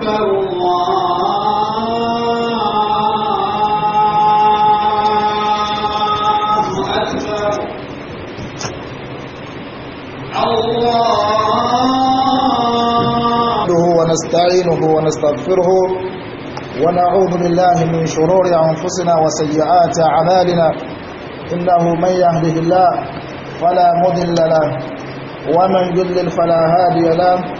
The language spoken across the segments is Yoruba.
يذكر الله أكبر الله ونستعينه ونستغفره ونعوذ بالله من شرور أنفسنا وسيئات أعمالنا إنه من يهده الله فلا مضل له ومن يضلل فلا هادي له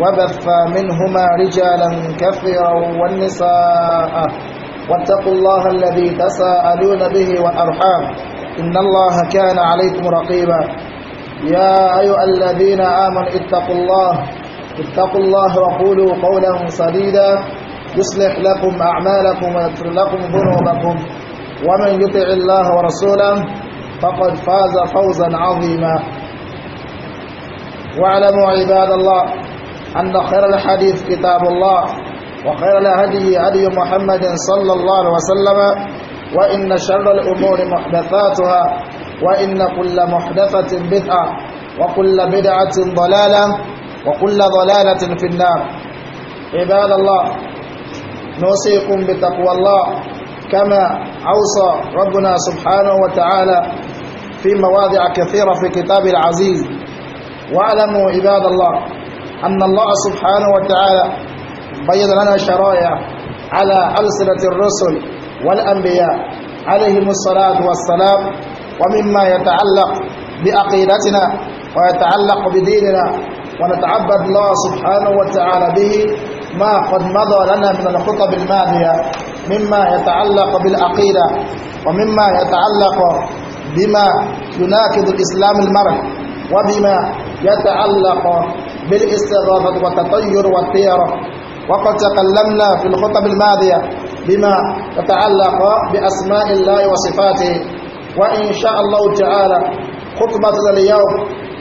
وبث منهما رجالا كثيرا والنساء واتقوا الله الذي تساءلون به والأرحام إن الله كان عليكم رقيبا يا أيها الذين آمنوا اتقوا الله اتقوا الله وقولوا قولا سديدا يصلح لكم أعمالكم ويغفر لكم ذنوبكم ومن يطع الله ورسوله فقد فاز فوزا عظيما واعلموا عباد الله أن خير الحديث كتاب الله وخير الهدي هدي محمد صلى الله عليه وسلم وإن شر الأمور محدثاتها وإن كل محدثة بدعة وكل بدعة ضلالة وكل ضلالة في النار عباد الله نوصيكم بتقوى الله كما أوصى ربنا سبحانه وتعالى في مواضع كثيرة في كتاب العزيز واعلموا عباد الله أن الله سبحانه وتعالى بيض لنا شرائع على ألسنة الرسل والأنبياء عليهم الصلاة والسلام ومما يتعلق بأقيدتنا ويتعلق بديننا ونتعبد الله سبحانه وتعالى به ما قد مضى لنا من الخطب الماضية مما يتعلق بالأقيدة ومما يتعلق بما يناقض الإسلام المرح وبما يتعلق بالاستغاثة والتطير والطيرة وقد تكلمنا في الخطب الماضية بما يتعلق بأسماء الله وصفاته وإن شاء الله تعالى خطبتنا اليوم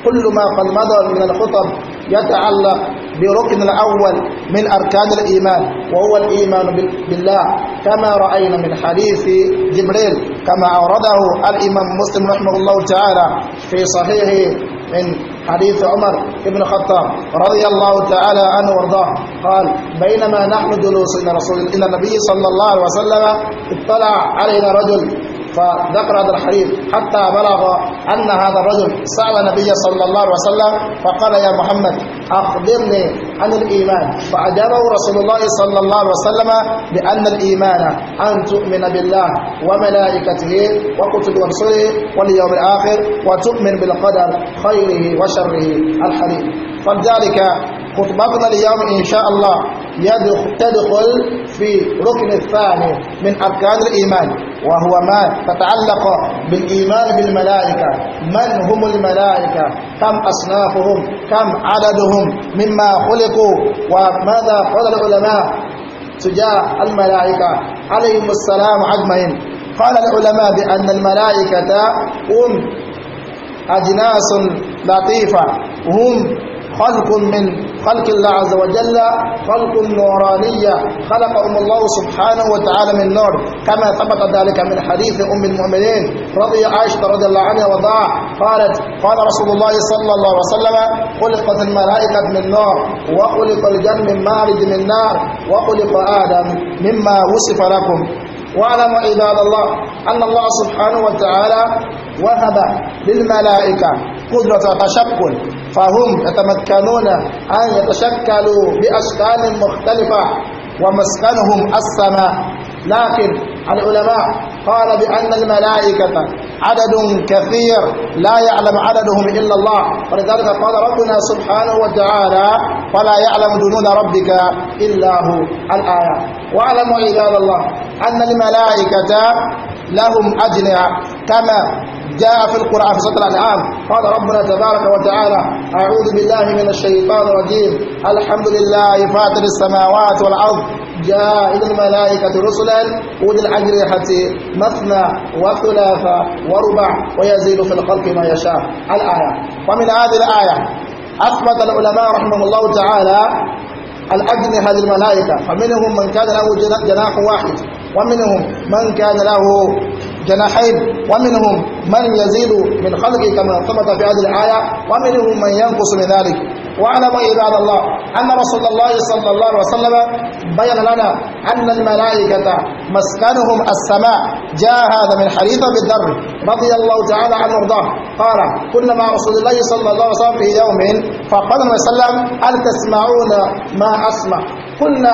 كل ما قد مضى من الخطب يتعلق بركن الأول من أركان الإيمان وهو الإيمان بالله كما رأينا من حديث جبريل كما أورده الإمام مسلم رحمه الله تعالى في صحيحه من حديث عمر بن الخطاب رضي الله تعالى عنه وارضاه قال بينما نحن جلوس إلى رسول إلى النبي صلى الله عليه وسلم اطلع علينا رجل فذكر هذا الحديث حتى بلغ أن هذا الرجل سأل النبي صلى الله عليه وسلم فقال يا محمد أخبرني عن الإيمان فأجابه رسول الله صلى الله عليه وسلم بأن الإيمان أن تؤمن بالله وملائكته وكتب ورسله واليوم الآخر وتؤمن بالقدر خيره وشره الحديث فلذلك خطبتنا اليوم إن شاء الله تدخل في ركن الثاني من أركان الإيمان وهو ما تتعلق بالإيمان بالملائكة من هم الملائكة كم أصنافهم كم عددهم مما خلقوا وماذا قال العلماء تجاه الملائكة عليهم السلام أجمعين قال العلماء بأن الملائكة هم أجناس لطيفة هم خلق من خلق الله عز وجل خلق نورانية خلقهم الله سبحانه وتعالى من نور كما ثبت ذلك من حديث أم المؤمنين رضي عائشة رضي الله عنها وضاع قالت قال رسول الله صلى الله عليه وسلم خلقت الملائكة من نار وخلق الجن من مارد من نار وخلق آدم مما وصف لكم واعلم عباد الله أن الله سبحانه وتعالى وهب للملائكة قدرة وتشكل فهم يتمكنون أن يتشكلوا بأشكال مختلفة ومسكنهم السماء لكن العلماء قال بأن الملائكة عدد كثير لا يعلم عددهم إلا الله ولذلك قال ربنا سبحانه وتعالى فلا يعلم جنود ربك إلا هو الآية واعلموا عباد الله أن الملائكة لهم أجنحة كما جاء في القرآن في سورة الأنعام قال ربنا تبارك وتعالى أعوذ بالله من الشيطان الرجيم الحمد لله فاتر السماوات والأرض جاء إلى الملائكة رسلا أولي الأجنحة مثنى وثلاثة وربع ويزيد في الخلق ما يشاء الآية ومن هذه الآية أثبت العلماء رحمه الله تعالى الأجنحة للملائكة فمنهم من كان له جناح واحد ومنهم من كان له جناحين ومنهم من يزيد من خلقه كما ثبت في هذه الآية ومنهم من ينقص من ذلك واعلموا عباد الله أن رسول الله صلى الله عليه وسلم بين لنا أن الملائكة مسكنهم السماء جاء هذا من حديث بالذر رضي الله تعالى عنه وارضاه قال كنا مع رسول الله صلى الله عليه وسلم في يوم فقال النبي صلى الله عليه وسلم هل تسمعون ما أسمع كنا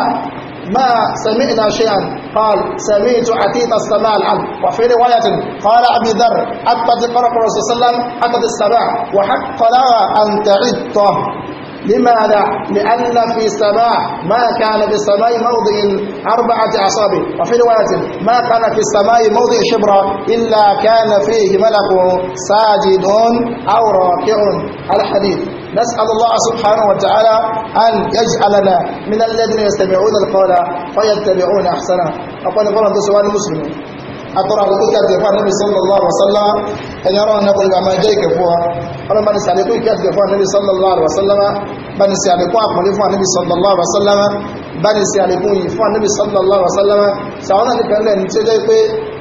ما سمعنا شيئا قال سمعت عتيت السماء العبد وفي رواية قال أبي ذر أتت قرق الرسول صلى الله عليه وسلم أتت السماء وحق لها أن تعد لماذا؟ لأن في السماء ما كان في السماء موضع أربعة أعصاب وفي رواية ما كان في السماء موضع شبرة إلا كان فيه ملك ساجد أو راكع الحديث نسأل الله سبحانه وتعالى أن يجعلنا من الذين يستمعون القول فيتبعون أحسنا. أقول قولا أنت سؤال مسلم أقرأ لك كاتب النبي صلى الله عليه وسلم أن يرى أن يقول ما جايك فوها أنا من سألكوا كاتب النبي صلى الله عليه وسلم من سألكوا أقول النبي صلى الله عليه وسلم báni sí àlékún yìí fún ànábì sallallahu ala'uwa sàwọn àníkànlẹ̀ ní tí ó jẹ́ pé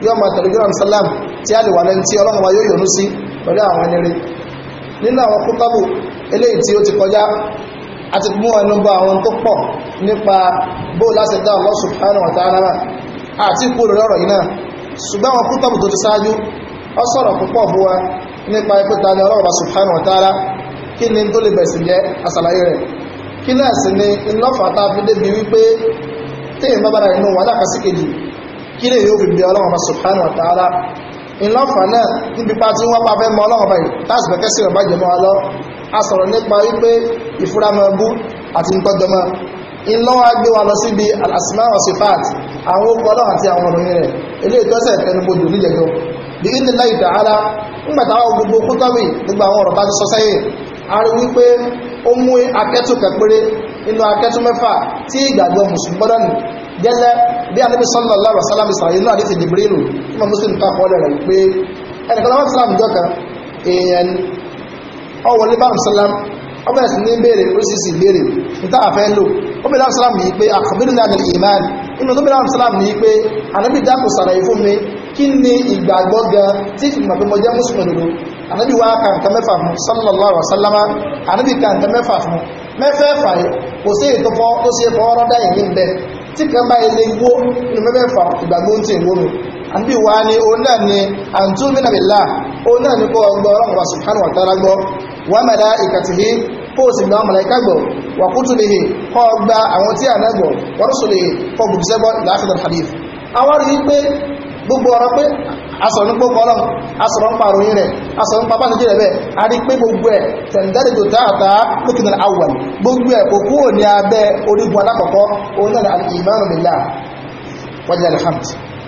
yọ ma tàbíjúram sallam tí a lè wà lẹ́n tí ọlọ́run wa yóò yọ̀nú sí pẹ̀lú àwọn ẹnire nínú àwọn kútàbù eléyìí tí ó ti kọjá a ti mú ẹnu bá àwọn tó pọ̀ nípa bóò láti dá Allah subhanahu wa ta'ala àti ikú lórí ọ̀rọ̀ yìí náà ṣùgbọ́n àwọn kútọ́bù tó ti ṣáájú ọ sọ̀rọ̀ púpọ̀ fún wa nípa ikú ta ni ọlọ́ọ̀bà subhanahu wa ta'ala kí ni tó lè bẹ̀sì jẹ́ àṣàlàyé rẹ̀ kí náà sì ni ìlọ́fà ta fi débi wípé téèyàn bá inú wàhálà kan kejì kí lè yóò fi bí ọlọ́ọ̀bà subhanahu wa ta'ala ìlọ́fà náà níbi pa tí wọ́n pa fẹ́ mọ ọlọ́ọ̀bà yìí láti bẹ̀kẹ́ sí ọ̀bá jẹmọ́ alọ́ a sọ̀rọ̀ nípa wípé ìfúramọ̀bú àti nǹkọ́dọmọ ìlọ́wọ́ agbé wa lọ síbi al-asma wa sifat àwọn orúkọ ọlọ́run àti àwọn ọ̀rọ̀ rẹ̀ ilé ìtọ́sẹ̀ tẹnubodò níjẹjọ bí ní láì dáadáa nígbàtà àwọn gbogbo kútọ́bì nígbà àwọn ọ̀rọ̀ bá ti sọ sẹ́yìn a rí wípé ó mú akẹ́tù kẹpẹrẹ inú akẹ́tù mẹ́fà tí ìgbàgbọ́ mùsùlùmí gbọ́dọ̀ jọ kan èèyàn ọwọlé bá mùsàlám ọmọ ẹ̀sìn ní béèrè oríṣiríṣi ìbéèrè níta àfẹ́ lò ó bèèrè mùsàlám ní pé àkàbírì náà nílẹ̀ ìmáàlì inú tó bèèrè mùsàlám ní pé ànábì dákò sàlàyé fún mi kí ni ìgbàgbọ́ gan tí ìmọ̀ pé mo sallallahu alaihi wasallam ànábì ka nǹkan mẹ́fà fún mẹ́fẹ́ẹ̀fà yìí kò sí èyí tó fọ́ tó ṣe fọ́ ọ́rọ́dá ìyìn bẹ́ẹ̀ tí kan bá àbí wà ní òun náà ni àǹtúmínà billah òun náà ni kó ọgbọ́ ọlọ́run wa subhanahu wa ta'ala gbọ́ wa malaikatihi kó o sì gba màláíkà gbọ́ wa kutubihi kó o gba àwọn tí a náà gbọ́ wa rusulihi kó o gbùdùsẹ́ gbọ́ láàfin al-hadith àwọn rí pé gbogbo ọ̀rọ̀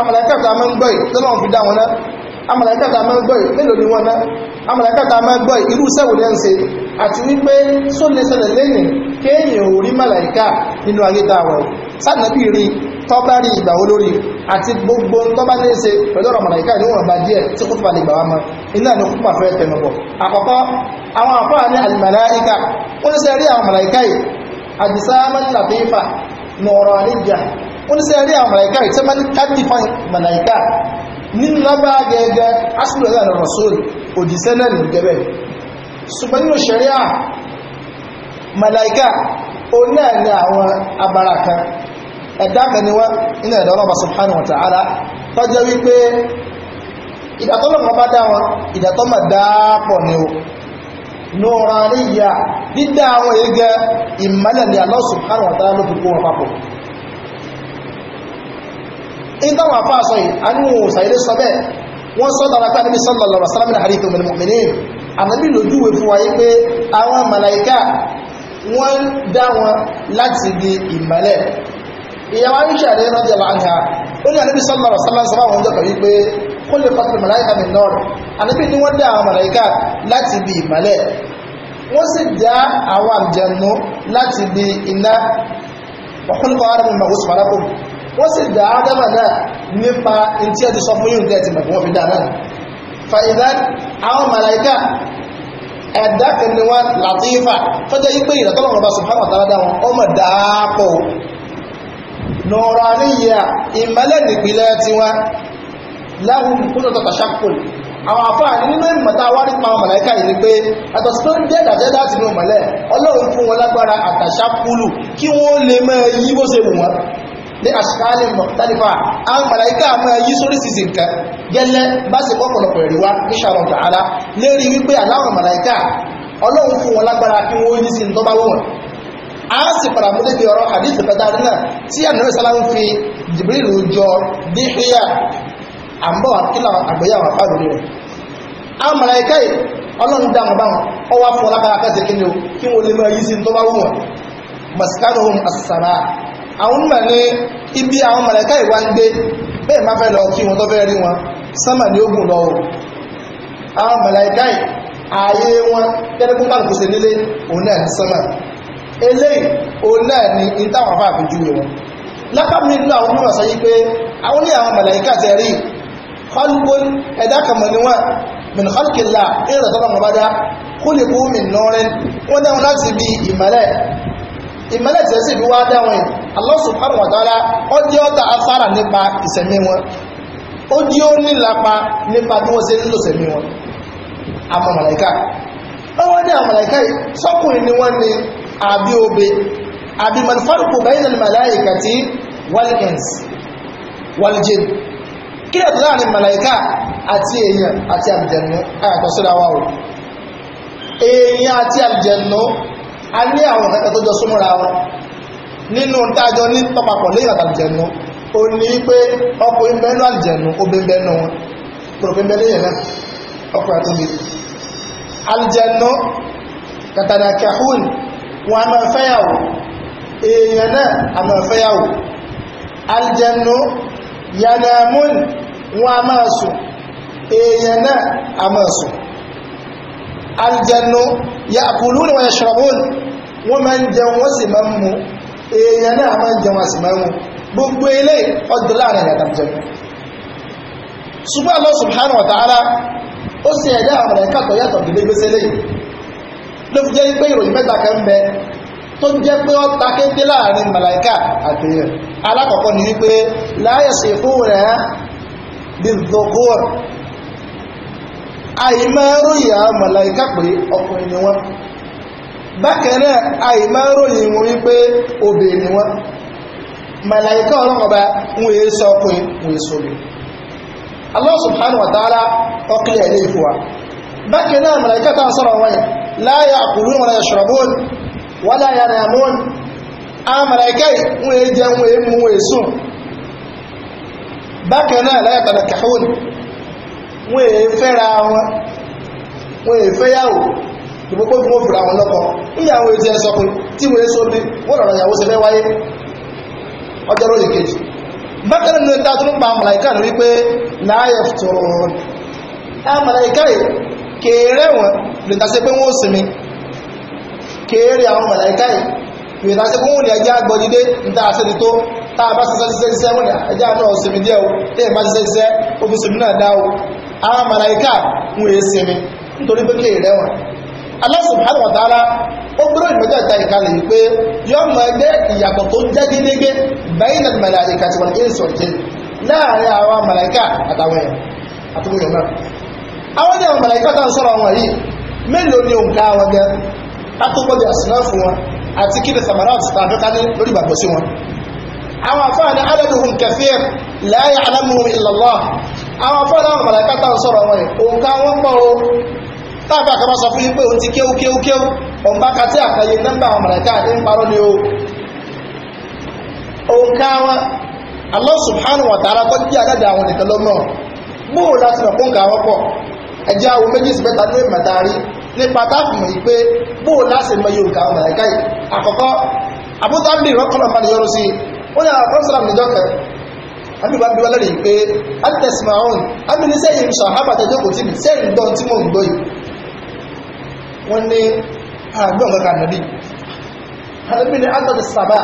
amàlẹ́kàtà máa ń gbọ́ yìí lọ́lọ́run fi dá wọn náà amàlẹ́kàtà máa ń gbọ́ yìí mélòó ni wọn náà amàlẹ́kàtà máa ń gbọ́ yìí irú sẹ́wò lẹ́ ń ṣe àti wípé só lè ṣẹlẹ̀ lẹ́yìn kéèyàn ò rí màlàíkà nínú ayé tá a wọ̀ sànàbí rí tọ́bá rí ìgbà olórí àti gbogbo tọ́bá ní ṣe pẹ̀lú ọ̀rọ̀ màlàíkà ní ó ní sẹ́ rí àwọn màláìká yìí tẹ́ mẹ́lí káàkiri fún màláìká nínú lábá gẹ́gẹ́ asúlù ẹ̀rọ ẹ̀rọ sóòlù òdìsẹ́ náà nìyí gẹ́gẹ́ ṣùgbọ́n nínú ṣẹ̀ríà màláìká ó náà ní àwọn abara kan ẹ̀dá kan ni wọ́n nínú ẹ̀dá ọlọ́ba subhanahu wa ta'ala tọ́jọ́ wípé ìdàtọ́lọ́mọ dídá àwọn èyí ìmọ̀lẹ̀ ni Allah subhanahu wa ta'ala ló fi wọn papọ̀ ìdáwọn afá sọ yìí a ní wọn sàílé sọ bẹ́ẹ̀ wọ́n sọ dára pé ànábì sallallahu alaihi wasallam àríkì òmìnir mọ̀mìnir ànábì lójúwe fún wa yí pé àwọn màláìkà wọ́n dá wọn láti di ìmọ́lẹ̀ ìyàwó aisha rẹ̀ radiyallahu anha ó ní ànábì sallallahu alaihi wasallam sọ́bà wọn jọkọ̀ yí pé kó lè kọ́ màláìkà mi nọ́ọ̀rù ànábì ni wọ́n dá àwọn màláìkà láti di ìmọ́lẹ̀ wọ́n sì wọ́n sì dá ádámà náà nípa tí ẹ ti sọ fún yìí nǹkan ẹ̀tìmọ̀ fún wọn fi dá náà fa ìdá àwọn màláìkà ẹ̀dá kan ni wọ́n làtífà tó jẹ́ yípe ìrẹ̀tọ́lọ̀ ọba subhanahu wa ta'ala dá wọn ọmọ dáàpọ̀ nọ̀rọ̀ àníyà ìmọ̀lẹ̀ nìpínlẹ̀ tiwọn láhùn kúrò tọ́ta ṣàkóòlù àwọn àfáàní nínú ìmọ̀ta wá nípa àwọn mọ̀lẹ́ká yìí ni pé àtọ̀sí tó ń dẹ́dà dẹ́dà ti ní ọmọlẹ́ ọlọ́run fún wọn lágbára àtàṣà kúlù kí wọ́n lè mọ́ yí bó ṣe wù wọ́n ní àṣìkáàlì mọ̀tálífà àwọn màláíkà máa yí sórí sísì nǹkan gẹ́lẹ́ bá sì pọ̀pọ̀lọpọ̀ ẹ̀rí wá ní ṣàrọ̀ tààlà lérí wípé aláwọ̀ màláíkà ọlọ́run fún wọn lágbára kí wọ́n yí sí tọ́bá wọn a sì padà mú débi ọ̀rọ̀ hadith kẹta náà tí ànàbí sálámù fi Jibril jọ díhíyà àmbọ̀ àkílà àgbéyàwó àfáàlú rẹ̀ àwọn màláíkà yìí ọlọ́run dáhùn báwọn ọwọ́ fún wọn lágbára kẹsì kí ni o kí wọ́n lè máa yí sí tọ́bá wọn maskanuhum as-samaa àwọn onímọ̀ ní ibi àwọn mọ̀lẹ́ká ìwà ń gbé bẹ́ẹ̀ má fẹ́ lọ kí wọn tó fẹ́ rí wọn sánmà ní ogun lọ àwọn mọ̀lẹ́ká ààyè wọn tẹ́lẹ́kún bá kò ṣe nílé òun náà ní sánmà eléyìí òun náà ní ìtàwọn afá àpèjúwe wọn lápapọ̀ nínú àwọn onímọ̀ sọ yí pé àwọn ní àwọn mọ̀lẹ́ká tẹ rí khalqun ẹ̀dá kàmọ̀ ni wọn min khalqillah ẹ̀rọ tọ́lọ́ wọn ìmọ́lẹ̀ tí ẹ sì fi wá dá wọn Allah subhanahu wa ta'ala ó jẹ́ ọ̀tá afárà nípa ìsẹ̀mí wọn ó jẹ́ ó nílapa nípa bí wọ́n ṣe ń lò sẹ̀mí wọn àmọ́ màláìka ọwọ́ ní àmàlàìka yìí sọ́kùnrin ni wọ́n ni àbí obe àbí manfarku bayna al-malaika ti wal-ins wal kí lè tó láàrin màláìka àti èèyàn àti àlùjànnú ayàtọ̀ síra wa o èèyàn àti àlùjànnú a ní àwọn ìfẹ́ tó jọ súnmọ́ra wọn nínú tájọ ní tọ́papọ̀ lẹ́yìn àtàlùjẹ̀nu ó ní pé ọkùnrin bẹ́nu àlùjẹ̀nu obìnrin bẹ́nu wọn pòròpín bẹ́ lẹ́yìn náà ọkùnrin àtúnbi àlùjẹ̀nu kàtàdà kẹhún wọn a máa fẹ́yàwó èèyàn náà a máa fẹ́yàwó àlùjẹ̀nu yanamun wọn a máa sùn èèyàn náà a máa sùn aljannu ya'kuluna wa yashrabun wọ́n máa ń jẹun wọ́n sì máa ń mu èèyàn náà máa ń jẹun wọ́n sì máa ń mu gbogbo ilé ọdún láàrin ẹ̀yà tàbí jẹun ṣùgbọ́n Allah subhanahu wa ta'ala ó sì ẹ̀dá àwọn ẹ̀ka tó yàtọ̀ gbẹgbẹsẹ̀ lẹ́yìn ló fi jẹ́ pé ìròyìn mẹ́ta kan bẹ tó jẹ́ pé ó ta láàrin màláìka àti alákọ̀ọ́kọ́ ni wípé la yasifuna bi dhukur àìmọ́ ròyìn àwọn màláíkà pé ọkùnrin ni wọ́n bákan náà àìmọ́ wọn wípé obìnrin ni wọ́n màláíkà ọlọ́run ń wèé sọ ọkùnrin wèé sọ obìnrin Allah subhanahu ọkùnrin ẹ̀ lè wa bákan náà màláíkà tá a sọ̀rọ̀ wọ́n yẹn la ya'kulun wa la yashrabun wa la yanamun àwọn màláíkà ń wèé jẹun mú sùn náà wọ́n èé fẹ́ra wọn wọ́n èé fẹ́yàwó ìgbókó fún òfìrà wọn lọ́kọ níyà àwọn ètò ẹ̀sọ́ pé tí wọ́n èso bí wọ́n lọ̀rọ̀ ìyàwó ṣe fẹ́ wáyé ọjọ́ lóye kejì bákan nínú ta tó ń pa wípé láàyè kéré wọn lè ta sí pé sinmi kéré àwọn lè sí pé níta tó tá a bá ṣiṣẹ́ ṣiṣẹ́ ṣiṣẹ́ wọ́n lè o bá àwọn màláíkà ń wèé sinmi nítorí pé kéèrè wọn Allah subhanahu wa ta'ala ó gbọ́dọ̀ ìmọ̀jọ́ ìta ìkalẹ̀ yìí pé yóò mọ ẹgbẹ́ ìyàtọ̀ tó jẹ́ gédégé bayna al-malā'ikati wal àwọn màláíkà ni òǹkà wọn gẹ látọ́gbọ́dọ̀ àsìná àwọn afọ́lá àwọn màláíkà tá ń sọ̀rọ̀ wọn yìí òǹkà wọn pọ̀ o táàbí àkàbà sọ fún yín pé òun ti kéwú kéwú kéwú òǹbá ka tí àkàyè nọ́mbà àwọn màláíkà ní parọ́ ni o òǹkà wọn Allah subhanahu wa ta'ala kọ́ bí àdáda àwọn nìkan ló mọ̀ bóò láti mọ̀ kó nǹkan wọn pọ̀ ẹjẹ́ àwọn méjì sí mẹ́ta ní ìmọ̀tàrí nípa táàbù mọ̀ yìí pé bóò láti mọ̀ yóò nǹkan àwọn màláíkà yìí àkọ́kọ́ àbúdá àmì ìwà bíwá lẹ́rìí pé atẹ́sìmáhùn àmì ní sẹ́yìn sàhábà tẹ́jọ́ kò tí sẹ́yìn gbọ́n tí mò ń gbọ́ yìí wọ́n ní àgbọ̀n kankan nàbí àdàbí ni atọ́tẹ̀ sàbà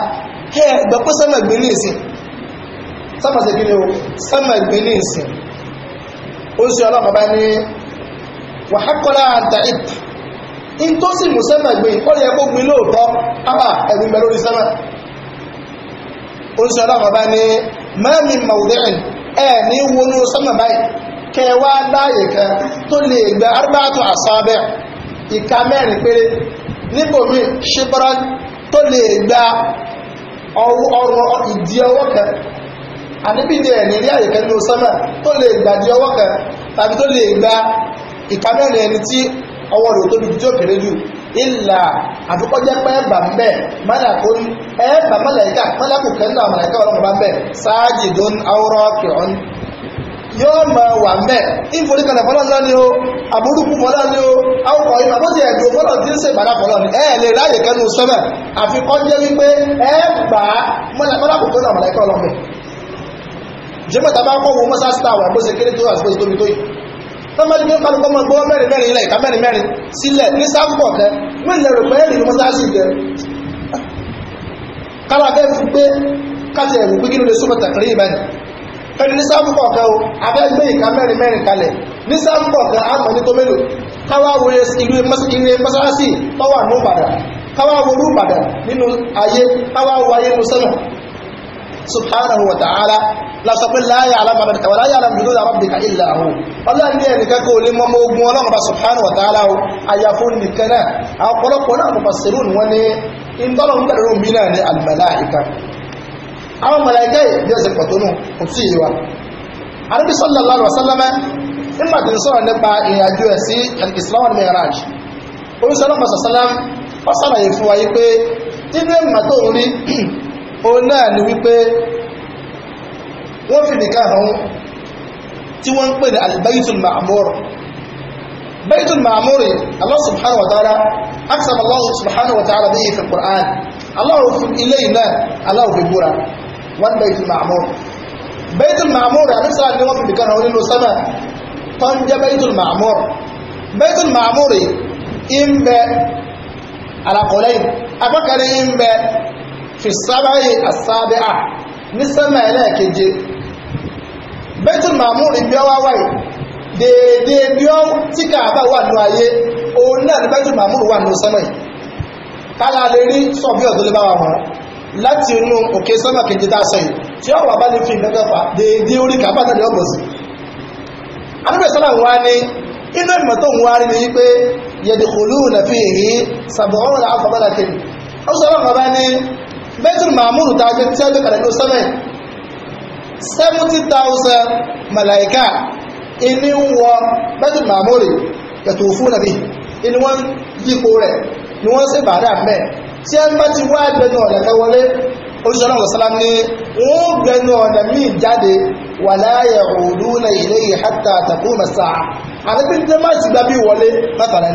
ẹ gbọ́ pé sẹ́mà gbé ní ìsìn sẹ́mà ṣe kíni o sẹ́mà gbé ní ìsìn ó sì ọlọ́mọ bá ní wàhákọ́lá àǹtà ìtà in tó sì mú sẹ́mà gbé ó yẹ kó gbin ẹ̀gbìn bẹ lórí sẹ́mà mẹ́mí mọ̀wúdẹ́rìn ẹ̀ ní wọnú sánmà báyìí kẹwa gba arba'atu asabi' ìka mẹ́rin péré níbòmí ṣíbọ́rọ́ to le gba ọrùn ìdí ọwọ́ kan àníbìdí ẹ̀ nírí àyè kan ní sánmà gba di ọwọ́ kan tàbí gba ìka ẹni tí ọwọ́ rẹ̀ ìlà àfikọ́jẹ́ pé ẹ̀bà ń bẹ̀ mọ́là kó ní ẹ̀bà mọ́làíkà mọ́làkù kẹ́ńdà mọ́làíkà ọlọ́run bá ń bẹ̀ sáájì tó ń awúrọ́ kìrọ́n yóò mọ̀ wà ń bẹ̀ ìforí kalẹ̀ fọlọ́ ńlá ni o àbúrúkú fọlọ́ ni o awùkọ̀ yìí màbó ti ẹ̀dùn fọlọ́ ti ń ṣe ìbàdà fọlọ́ ni ẹ̀ lè ráyè kẹ́nu sọ́mẹ̀ àfikọ́jẹ́ wípé ẹ̀bà mọ́làkù kẹ́ńdà mọ́làíkà ọlọ́run bẹ̀ jẹ́mọ̀ta bá kọ́ tọ́mọ́dé ní kálukọ́ mọ́ gbọ́ mẹ́rin mẹ́rin ilẹ̀ ìka mẹ́rin mẹ́rin sílẹ̀ ní sáfùkọ̀ kẹ́ mẹ́lẹ̀ rẹ̀ pẹ́ẹ́rì ní mọ́sáàsì jẹ́ kára fẹ́ fún pé káti ẹ̀rù pé kí ló lè súnmọ́ tàkìrí ìbẹ́ni pẹ̀lú ní sáfùkọ̀ kẹ́ o abẹ́ gbé ìka mẹ́rin mẹ́rin kalẹ̀ ní sáfùkọ̀ kẹ́ àmọ́ ní tó mélòó káwá wo ilé mọ́sáàsì tọ́wà ní subhanahu wa ta'ala lásọ pé láyé alámàdàkà wà láyé alámàdàkà wà rabbika illa hu ọlọ́run ní ẹnìkan kò lè mọ́mọ́ ogun ọlọ́run bá subhanahu wa ta'ala o àyàfó nìkan náà àwọn ọ̀pọ̀lọpọ̀ náà mo fàṣẹrù ni wọ́n ní ìtọ́lọ́run bẹ̀rẹ̀ omi náà ní al-malaika àwọn màláíkà yìí bí ọ̀sẹ̀ pọ̀tọ́nù kò tí ì wa Ànábì sallallahu alaihi wasallam nígbà tí ń sọ̀rọ̀ nípa ìrìnàjò ẹ̀ sí al-Isra wal Mi'raj oríṣiríṣi ọlọ́pàá sọ̀sálám fún wa yìí pé nínú ẹ̀mà tó ń rí òun náà ni wípé wọ́n fi nìkan hàn tí wọ́n ń pè ní albaytul ma'mur baytul ma'mur Allah subhanahu wa ta'ala aksam Allah subhanahu wa ta'ala bihi fi al-Qur'an Allah fi ilé iná Allah fi búra wọ́n baytul ma'mur baytul ma'mur àrísà ni wọ́n fi nìkan hàn nínú sábà tó ń jẹ́ baytul ma'mur baytul ma'mur ń bẹ alakọ̀lẹ́yìn apákanì ń bẹ fi sábàáyé àsábẹ́à ní sẹ́mà ẹlẹ́ẹ̀keje bẹ́tùl màmúrì bí ọwá wáyé déédéé bí ọ tí kàábà wà ní ayé òun náà ní bẹ́tùl màmúrì wà ní sẹ́mà yìí kálá lè rí sọ bí ọ̀dọ́ lè bá wa mọ̀ láti inú òkè sẹ́mà keje tá a sọ yìí tí ọ̀wà bá lè fi nǹkan fà orí kàábà náà ní ọ̀gbọ̀n sí. anábẹ́sọ́lá wa ní inú ìmọ̀ tó ń wá ni wípé yẹ̀dìkùlù nàfi èyí sàbọ̀ọ́rùn àfọ̀bọ́lá bẹ́tùn màmúrù tá a gbé tí a gbé kàdé ló sẹ́mẹ̀ seventy thousand màláìkà ìní ń wọ bẹ́tùn màmúrù yàtọ̀ fún nàbí ìní wọ́n yípo rẹ̀ ni wọ́n sì bàdà mẹ́ tí a bá ti wá ẹgbẹ́nu ọ̀nà kan wọlé oríṣiríṣi ọ̀nà sálám ní wọ́n gbẹnu ọ̀nà míì jáde wà láàyè òdú na ilé yìí hátà tàkùn mẹ́sà àti pé ní má ti gbà bí wọlé mẹ́fàlẹ́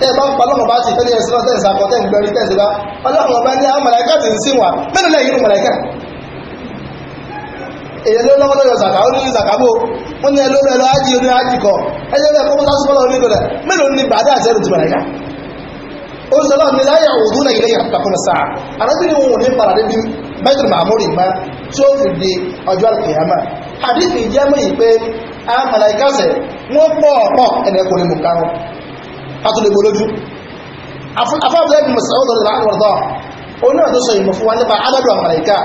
tẹ́ bá ń pa lọ́wọ́ bá ti tẹ́lẹ̀ ẹ̀sìn náà tẹ́sà kọ́ tẹ́ ń gbẹ̀rí tẹ́sì bá ọlọ́wọ́ bá ní àwọn màláìkà ti ń sìn wà mẹ́rin lẹ́yìn inú màláìkà èyẹ ló lọ́wọ́ lọ́yọ̀ zàkà ó nílùú zàkà ó ní ẹlọ́rọ̀ ẹlọ́ ájì orí ájì kọ ẹjẹ́ bẹ́ẹ̀ kọ́kọ́ sásùn fọ́lọ́ orí gọ̀dẹ̀ mélòó ní bàdá àti ẹrù ti màláìkà ó sọ lọ́ọ̀ ní láyà òdú náà ilé yàtàkùn sáà arábìnrin òun ní paradé bí bẹ́tùrù má tí ó fi di ọjọ́ àkèyàmà àdìsí látò lè mọ́lójú afọ́bẹ̀lẹ́ bí mọ̀sánwọ́n lọ́dọ̀ láàrín wọ́dọ̀ ó náà tó sọ ìmọ̀ fún wa nípa adádù àmàlẹ́kà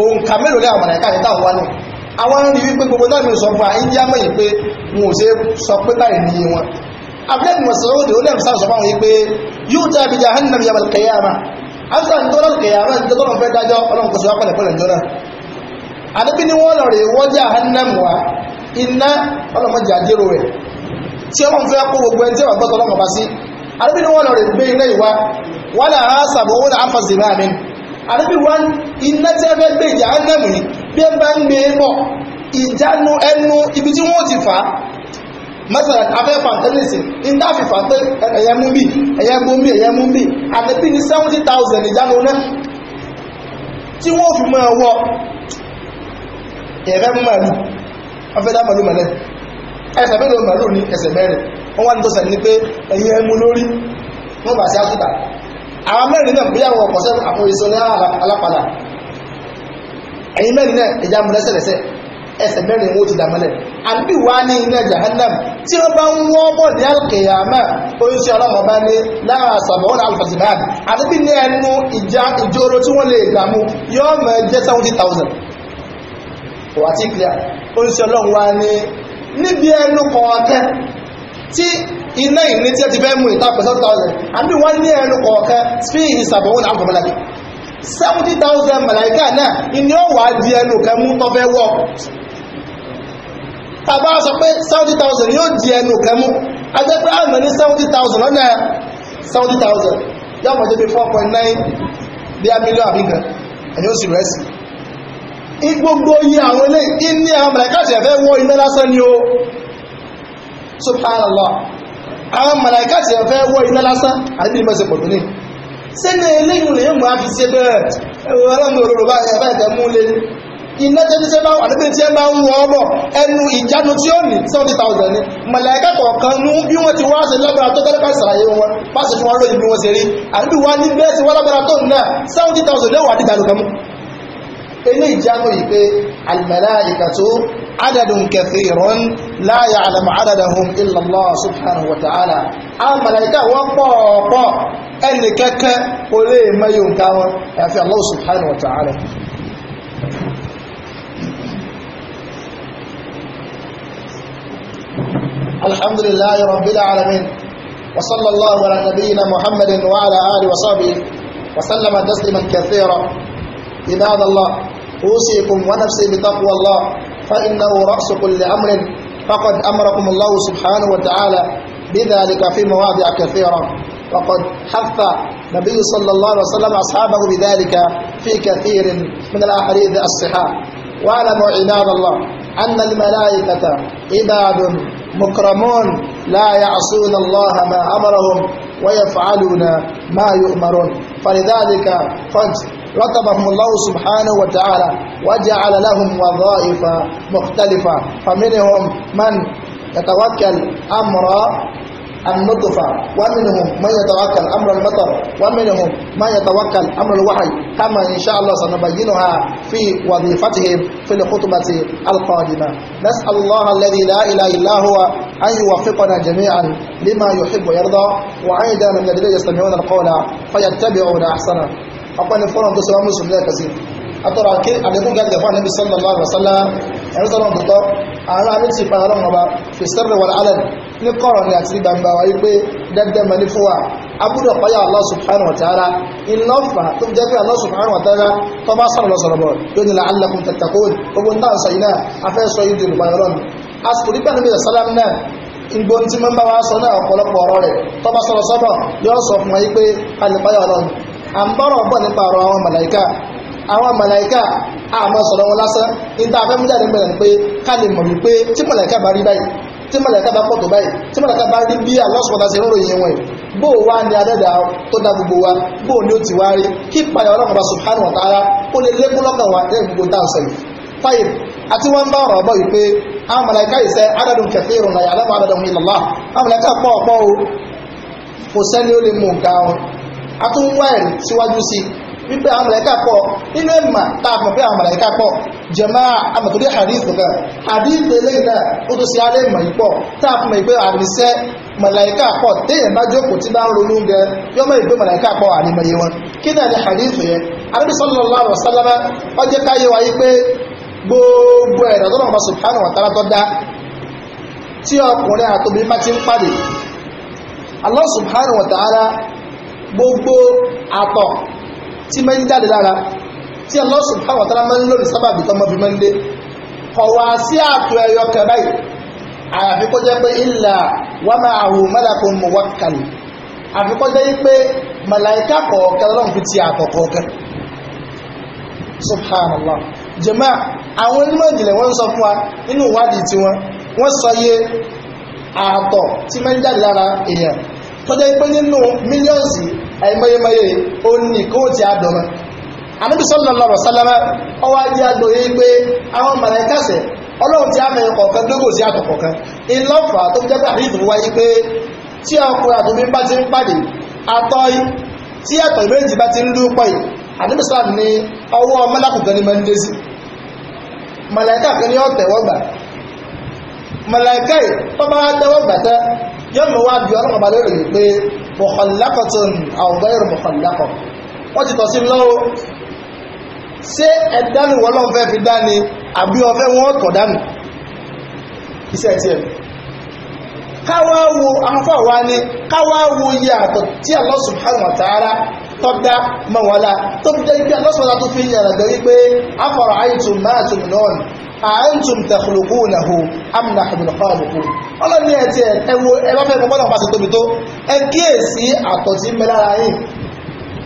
ohun kàmẹ́lò lẹ́ àmàlẹ́kà ní táwọn wánú àwọn ń rí wípé gbogbo dáàmì sọ fún àyíjá mẹ́yìn pé wọn ò ṣe sọ pé báyìí ní iye wọn abúlẹ́bí mọ̀sánwọ́n ó lẹ́m sáà sọ fún àwọn yìí pé yóò tẹ́ àbíjà hannam yamal kẹyàmà afisa ń tọ́lọ́ kẹyàmà ń tí ọlọ́run fẹ́ kó gbogbo ẹni tí wà gbọ́tọ̀ ọlọ́run bá sí àdébí ni wọ́n lọ rè gbé iná ìwá wọ́n là á sàbò wọ́n là á fọ́sì náà mi àdébí wọn iná tí wọ́n fẹ́ gbé ìjà ánàmù ni bí ẹ bá ń gbé e ẹnu ibi tí wọ́n ti fà á án afẹ́ fàǹtẹ́nìsì ẹ̀yẹ mú ẹ̀yẹ mú ẹ̀yẹ mú ni seventy thousand náà tí wọ́n fi wọ ẹ̀fẹ́ mú màlúù dá màlúù ẹsẹ̀ mẹ́lò mẹ́lò ní ẹsẹ̀ mẹ́rin wọ́n wá ní tọ́sẹ̀ ní pé ẹ̀yìn ẹmú lórí wọ́n bà sí áfúta àwọn mẹ́rin náà bóyá wọ́n kọ̀ṣẹ́ àwọn èso ní alápàdà ẹ̀yìn mẹ́rin náà ẹja mú lẹ́sẹ̀lẹ́sẹ̀ ẹsẹ̀ mẹ́rin wọ́n ti dàmọ́lẹ̀ àbí wàá ní iná jahannam tí wọ́n bá ń wọ́n bọ̀ ní alkèyàmá oṣù ọlọ́mọba ní lára sàbọ̀wọ́n alfàṣìbáàd àdébí ní ẹnu ìjà ìjóró tí wọ́n lè dààmú yọ́ọ̀mọ̀ jẹ́ seventy thousand wàá ti clear oṣù ọlọ́run wá ní níbi ẹnu kọ̀ọ̀kan tí iná ìní tí ẹ ti fẹ́ mú ìta pẹ̀lú seven thousand àbí wọ́n ní ẹnu kọ̀ọ̀kan sí ìsàbọ̀wọ́ náà kọ̀ọ̀kan láti seventy thousand màláìka náà ìní ọ̀wà di ẹnu kan mú tọ́fẹ́ wọ̀ tàbá sọ pé seventy thousand yóò di ẹnu kan mú agbẹ́pẹ́ àmì ní seventy thousand lọ́nà seventy thousand yóò mọ̀ débi four point nine bí a mílíọ̀nù àbí gan ẹ̀yìn sì rẹ̀ sí i igbogbo yí àwọn ilé inú àwọn mẹ̀lẹ́kàtì ẹ̀fẹ́ wọ iná lásán ni ó subhanallah àwọn mẹ̀lẹ́kàtì ẹ̀fẹ́ wọ iná lásán àti ìmọ̀sẹ̀ pọ̀lú ní sẹ́nà eléyìn lè mọ̀ á fi ṣe bẹ́ẹ̀ ọlọ́run òróró bá ẹ̀fẹ́ ẹ̀fẹ́ mú lé iná tẹ́tí tẹ́ bá wà níbi tí ẹ bá ń wọ ọmọ ẹnu ìjánu tí ó ní seventy thousand ni mọ̀lẹ́kà kọ̀ọ̀kan ní bí wọ́n ti wá ṣe lágbára tó tẹ́lẹ̀ káṣí ṣàlàyé wọn bá ṣe fún wọn lóyún bí wọ́n ṣe rí àbí wọ́n ní bẹ́ẹ̀ ṣe wọ́n lágbára tó náà seventy thousand lẹ́wọ̀ àdìgbà lùkàmù eléyìí jámọ́ yìí pé al-malaikatu adadun kathirun la ya'lamu adadahum illa Allah subhanahu wa ta'ala àwọn màláìkà wọ́n pọ̀ọ̀pọ̀ ene kẹ́kẹ́ o lè mẹ́yọ nǹkan wọn àyàfi Allah subhanahu wa ta'ala الحمد لله رب العالمين وصلى الله على نبينا محمد وعلى آله وصحبه وسلم تسليما كثيرا عباد الله أوصيكم ونفسي بتقوى الله فإنه رأس كل أمر فقد أمركم الله سبحانه وتعالى بذلك في مواضع كثيرة وقد حث النبي صلى الله عليه وسلم أصحابه بذلك في كثير من الأحاديث الصحاح واعلموا عباد الله أن الملائكة عباد مكرمون لا يعصون الله ما أمرهم ويفعلون ما يؤمرون فلذلك قد رتبهم الله سبحانه وتعالى وجعل لهم وظائف مختلفة فمنهم من يتوكل أمر النطفة ومنهم من يتوكل أمر المطر ومنهم من يتوكل أمر الوحي كما إن شاء الله سنبينها في وظيفتهم في الخطبة القادمة نسأل الله الذي لا إله إلا هو أن يوفقنا جميعا لما يحب ويرضى وأيضا من الذين يستمعون القول فيتبعون أحسنه ọpẹ́ni fọ́nà tó sọ́wọ́ mùsùlùmí lẹ́ẹ̀kan sí atọ́rọ̀ àké àdékù gàgẹ̀ fún ànábì sallallahu alaihi wasallam ẹ̀rọ sọ́nà tòótọ́ àárọ̀ àmì ti padà lọ́wọ́ ọba fi sẹ́rẹ̀ wà alẹ́ ní ni àti gbangba wa yí pé dẹ́gbẹ́ mẹ́ni fún wa abúdọ̀ payá Allah subhanahu wa ta'ala iná fà tó jẹ́ pé Allah subhanahu wa ta'ala tó bá sọ̀rọ̀ lọ sọ̀rọ̀ bọ̀ yóò nílà alákùn tàtàkùn gbogbo ń dáhùn sọ̀yìn náà afẹ́ sọ yìí di olùbáyọ̀rọ̀ mi asìkò nípa níbi ìsàlám náà ìgbò tí mọ́ bá wa sọ náà ọ̀pọ̀lọpọ̀ ọ̀rọ̀ rẹ̀ tó bá sọ̀rọ̀ sọ́bọ̀ yóò sọ fún wa yí pé à ń bọ̀rọ̀ bọ̀ nípa ọ̀rọ̀ àwọn màláìkà àwọn màláìkà àmọ́ sọ̀rọ̀ wọn lásán ní tá a fẹ́ mú jáde mẹ́rin pé ká lè mọ̀ wípé tí màláìkà bá rí báyìí tí màláìkà bá pọ̀ tó báyìí tí màláìkà bá rí bí alọ́sọ̀tà ṣe rọrọ̀ yẹn wọ̀nyí bó o wá ní adẹ́dà tó dá gbogbo wa bó o ní ó ti wá rí kí ìpayà ọlọ́kọ̀ọ́ba subhanahu wa ta'ala ó lè lékún lọ́kàn wa lẹ́yìn àti wọn bá ọ̀rọ̀ ọ̀bọ̀ yìí pé àwọn màláìkà yìí sẹ́ adadun kathirun la ya'lamu adadahum illa Allah àwọn màláìkà pọ̀ pọ̀ o kò sẹ́ni ó lè mú nǹkan wọn a tún wá ẹ̀rí síwájú sí wípé àwọn nínú tá a mọ̀ pé àwọn mọ̀lẹ́kà pọ̀ jẹ̀mọ́ àmọ̀tòdé hadith náà hadith eléyìí ó tó ṣe alẹ́ ìmọ̀ yìí pọ̀ tá a fi mọ̀ pé àníṣẹ́ mọ̀lẹ́kà pọ̀ téèyàn bá jókòó tí bá ń ronú gẹ ìgbé wọn kí náà ni hadith pé gbogbo tó dá tí ọkùnrin má ti ń gbogbo àtọ̀ tí máa ń jáde lára tí Allah subhanahu wa ta'ala máa ń lórí sábàbí tó mọ́ fi máa ń dé kọ̀wá sí àtọ̀ ẹ̀yọ kẹrẹ́ yìí àyàfi kó jẹ́ pé illa wa ma'ahu malakun muwakkal àfi kó jẹ́ pé màláìka kọ̀ọ̀kan lọ́n fi ti àtọ̀ kọ̀ọ̀kan subhanallah jẹ́mà àwọn onímọ̀ ìjìnlẹ̀ wọ́n sọ fún wa nínú ìwádìí tiwọn wọ́n sọ iye àtọ̀ tí máa jáde lára èèyàn tọ́jẹ́ pé nínú mílíọ̀nsì ẹ̀mọ́yẹmọ́yẹ òní kó ti àdọ̀mọ́ anábì sallallahu alaihi ọwọ́ ajé àdọ̀ yìí pé àwọn mọ̀lẹ́kẹsẹ̀ ọlọ́run ti àmì kọ̀ọ̀kan dógò sí àtọ̀ kọ̀ọ̀kan ìlọ́fà tó jẹ́ pé àdìsí wáyé pé tí ọkùnrin àtòmí bá ti ń pàdé àtọ́ tí bá ti ń yìí ni ọwọ́ mọ́lákùnkan ni ń dé sí mọ̀lẹ́kà kan ni ọ̀tẹ̀wọ́gbà mọ̀lẹ́kà yóò mọ̀ wá bí ọlọ́run ọba lórí pé mọ̀kànlákọ̀tún àwọ̀gbọ́ ẹ̀rọ mọ̀kànlákọ̀ wọ́n ti tọ̀ sí lọ́wọ́ ṣé ẹ̀dá ni wọ́n lọ́n fẹ́ fi dá ni àbí ọfẹ́ wọn kọ̀ dánù iṣẹ́ tiẹ̀ káwá wo afọ́ wa ni káwá wo iye àtọ̀ tí Allah subhanahu wa tọ́gbá mọ̀wọ́lá tó fi jẹ́ ibi Allah subhanahu tó fi yàrá gẹ̀rí pé afọ̀rọ̀ àìtùmáàtùmù náà àǹtùm tẹ̀kùlùkù nàhù amúnà àbùnàkọ́ọ̀bùkù ọlọ́ni ẹ̀tì ẹ̀wọ ẹ̀wọ́fẹ́ ìpọ́nà pàṣẹ tóbi tó ẹ kíyèsí àtọ̀ tí ń bẹ lára yìí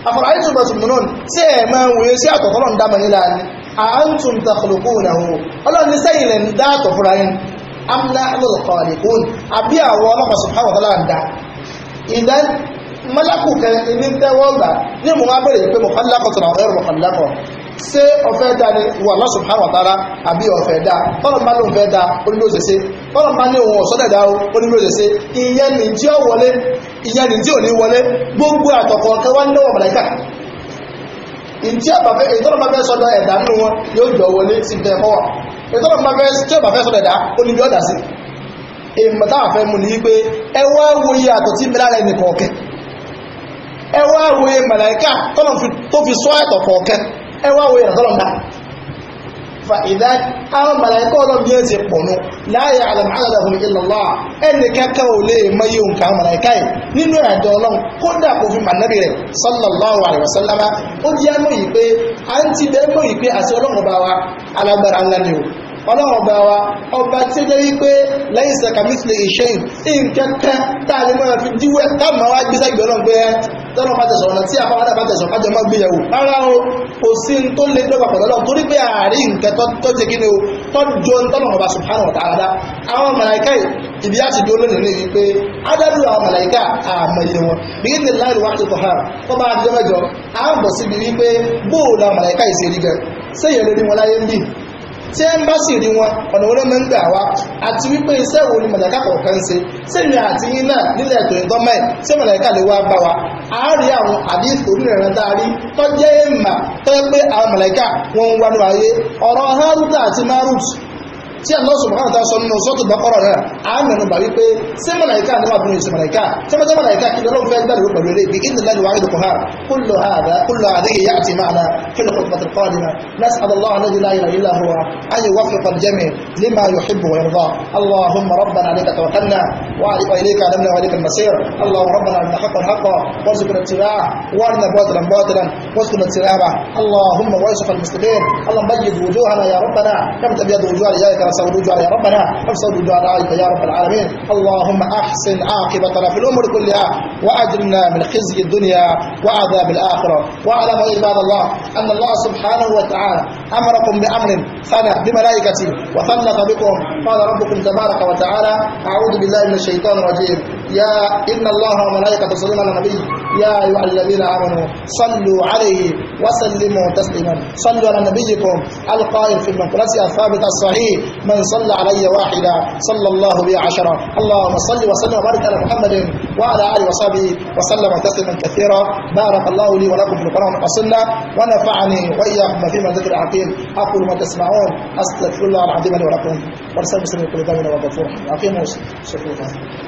àfọ̀rọ̀ àyè túnbọ̀ tùmùnú tí ẹ̀ máa ń wòye sí àtọ̀ tọ́lọ̀ ni àǹtùm tẹ̀kùlùkù ọlọ́ni sẹ́yìn lẹ̀ se ọ̀fẹ́ da ni wa Allah subhanahu wa àbí ọ̀fẹ́ dá tọ́lọ̀ máa ní òun fẹ́ dá onílòsẹsẹ tọ́lọ̀ máa ní òun ọ̀sọ́dẹ̀ dá onílòsẹsẹ ìyẹn ní tí ó wọlé ìyẹn ní tí ò ní wọlé gbogbo àtọ̀kọ̀ kan wá nílọ́wọ́ màláíkà ìtí àbàfẹ́ ìtọ́lọ̀ máa fẹ́ sọdọ ẹ̀dá nínú wọn yóò jọ wọlé sí máa fẹ́ tí ó bá fẹ́ ẹ̀dá ó ní bí ẹ wá wo ìrànlọ́rọ̀ náà fa ìdá àwọn màláìkọ́ ọlọ́run bí ó ti pọ̀ nù láàyè àlàmà àlàdàbùn ìlọ́lá ẹnì kẹ́kẹ́ ò lè mọyé òǹkà àwọn màláìká yìí nínú ìrìnàjò ọlọ́run kódà kò fi mànábì rẹ̀ sallallahu alaihi ó jẹ́ mọ̀ yìí pé à bẹ́ẹ̀ mọ̀ yìí pé àti ọlọ́run wa alágbára ńlá ni o ọlọ́run ọba wa ọba tí ó jẹ́ wípé lẹ́yìn sẹ̀kàmísìlẹ̀ ìṣẹ́yìn ìkẹ́kẹ́ táàlẹ́ mọ́ fi díwẹ́ táàmù àwọn agbésẹ́gbẹ̀ ọlọ́run pé tọ́lọ́ bá tẹ̀sọ̀ ọ̀nà tí afárádà bá tẹ̀sọ̀ kájọ mọ́ gbéyàwó rárá o kò sí n tó lè dọ́gba pẹ̀lú ọlọ́run torí pé ààrí nǹkan tó ṣe kíni o tó jo ń tọ́lọ̀ ọba subhanahu wa ta'ala àwọn màláìka ìbí àti ìdúró lónìí ní wípé ádájú àwọn màláìka àmọ́ iye wọn bí ní láìrò wá kíkọ ha tó bá adé mẹ́jọ à ń bọ̀ síbi wípé bóòlù àwọn màláìka ìṣèlú gan sẹ́yìn lórí wọn láyé ń bì tí ẹ ń bá sì rí wọn ọ̀nà wọn lọ́mọ ń gbà wá àti wípé iṣẹ́ wo ni mọ̀lẹ́ká kọ̀ọ̀kan ń ṣe sẹ́mi àti yín náà nílẹ̀ ètò ìdánmọ̀ ẹ̀ ṣé mọ̀lẹ́ká lè wá bá wa a rí àwọn àdífò onírẹ̀rẹ̀ tá a rí tó jẹ́ èèmà pé àwọn mọ̀lẹ́ká wọn ń wá ní ayé ọ̀rọ̀ Hárútà àti Márùtù tí a lọ́sùn wa ta'ala sọ nínú sọ́tù bọ́kọ́rọ̀ náà a ń mẹ́nu bà wípé ṣé màláìka ni wàá bí wọn ṣe màláìka ṣé mọ́tẹ́ màláìka kí ni fẹ́ gbà lórí pẹ̀lú eré bí ìdílé láti wàá dùkọ̀ ha kullu hadha kullu hadhihi ya'ti ma'ana kí ló kọ́tù bàtà kọ́ọ̀dì náà nas'al Allah alladhi la ilaha illa huwa an yuwaffiqa al-jami' lima yuhibbu wa yarda Allahumma rabbana alayka tawakkalna wa ilayka anabna wa ilayka al-masir Allahumma rabbana arina haqqan haqqan warzuqna ittiba'ah wa arina batilan batilan warzuqna ijtinabah Allahumma wa yusuf al-muslimin اللهم بيض وجوهنا يا ربنا كم تبيض وجوه رجالك رسول الله يا ربنا أرسل الله رعايك يا رب العالمين اللهم أحسن عاقبتنا في الأمور كلها وأجرنا من خزي الدنيا وعذاب الآخرة واعلموا عباد الله أن الله سبحانه وتعالى أمركم بأمر فنى بملائكته وثلث بكم قال ربكم تبارك وتعالى أعوذ بالله من الشيطان الرجيم يا إن الله وملائكته يصلون على النبي يا أيها الذين آمنوا صلوا عليه وسلموا تسليما صلوا على نبيكم القائل في المقدس الثابت الصحيح من صلى علي واحدا صلى الله به عشرا اللهم صل وسلم وبارك على محمد وعلى آله وصحبه وسلم تسليما كثيرا بارك الله لي ولكم في القرآن والسنة ونفعني وإياكم فيما ذكر الحكيم أقول ما تسمعون أستغفر الله العظيم لي ولكم ورسال مسلم كل ذنب وغفور رحيم أقيموا الصلاة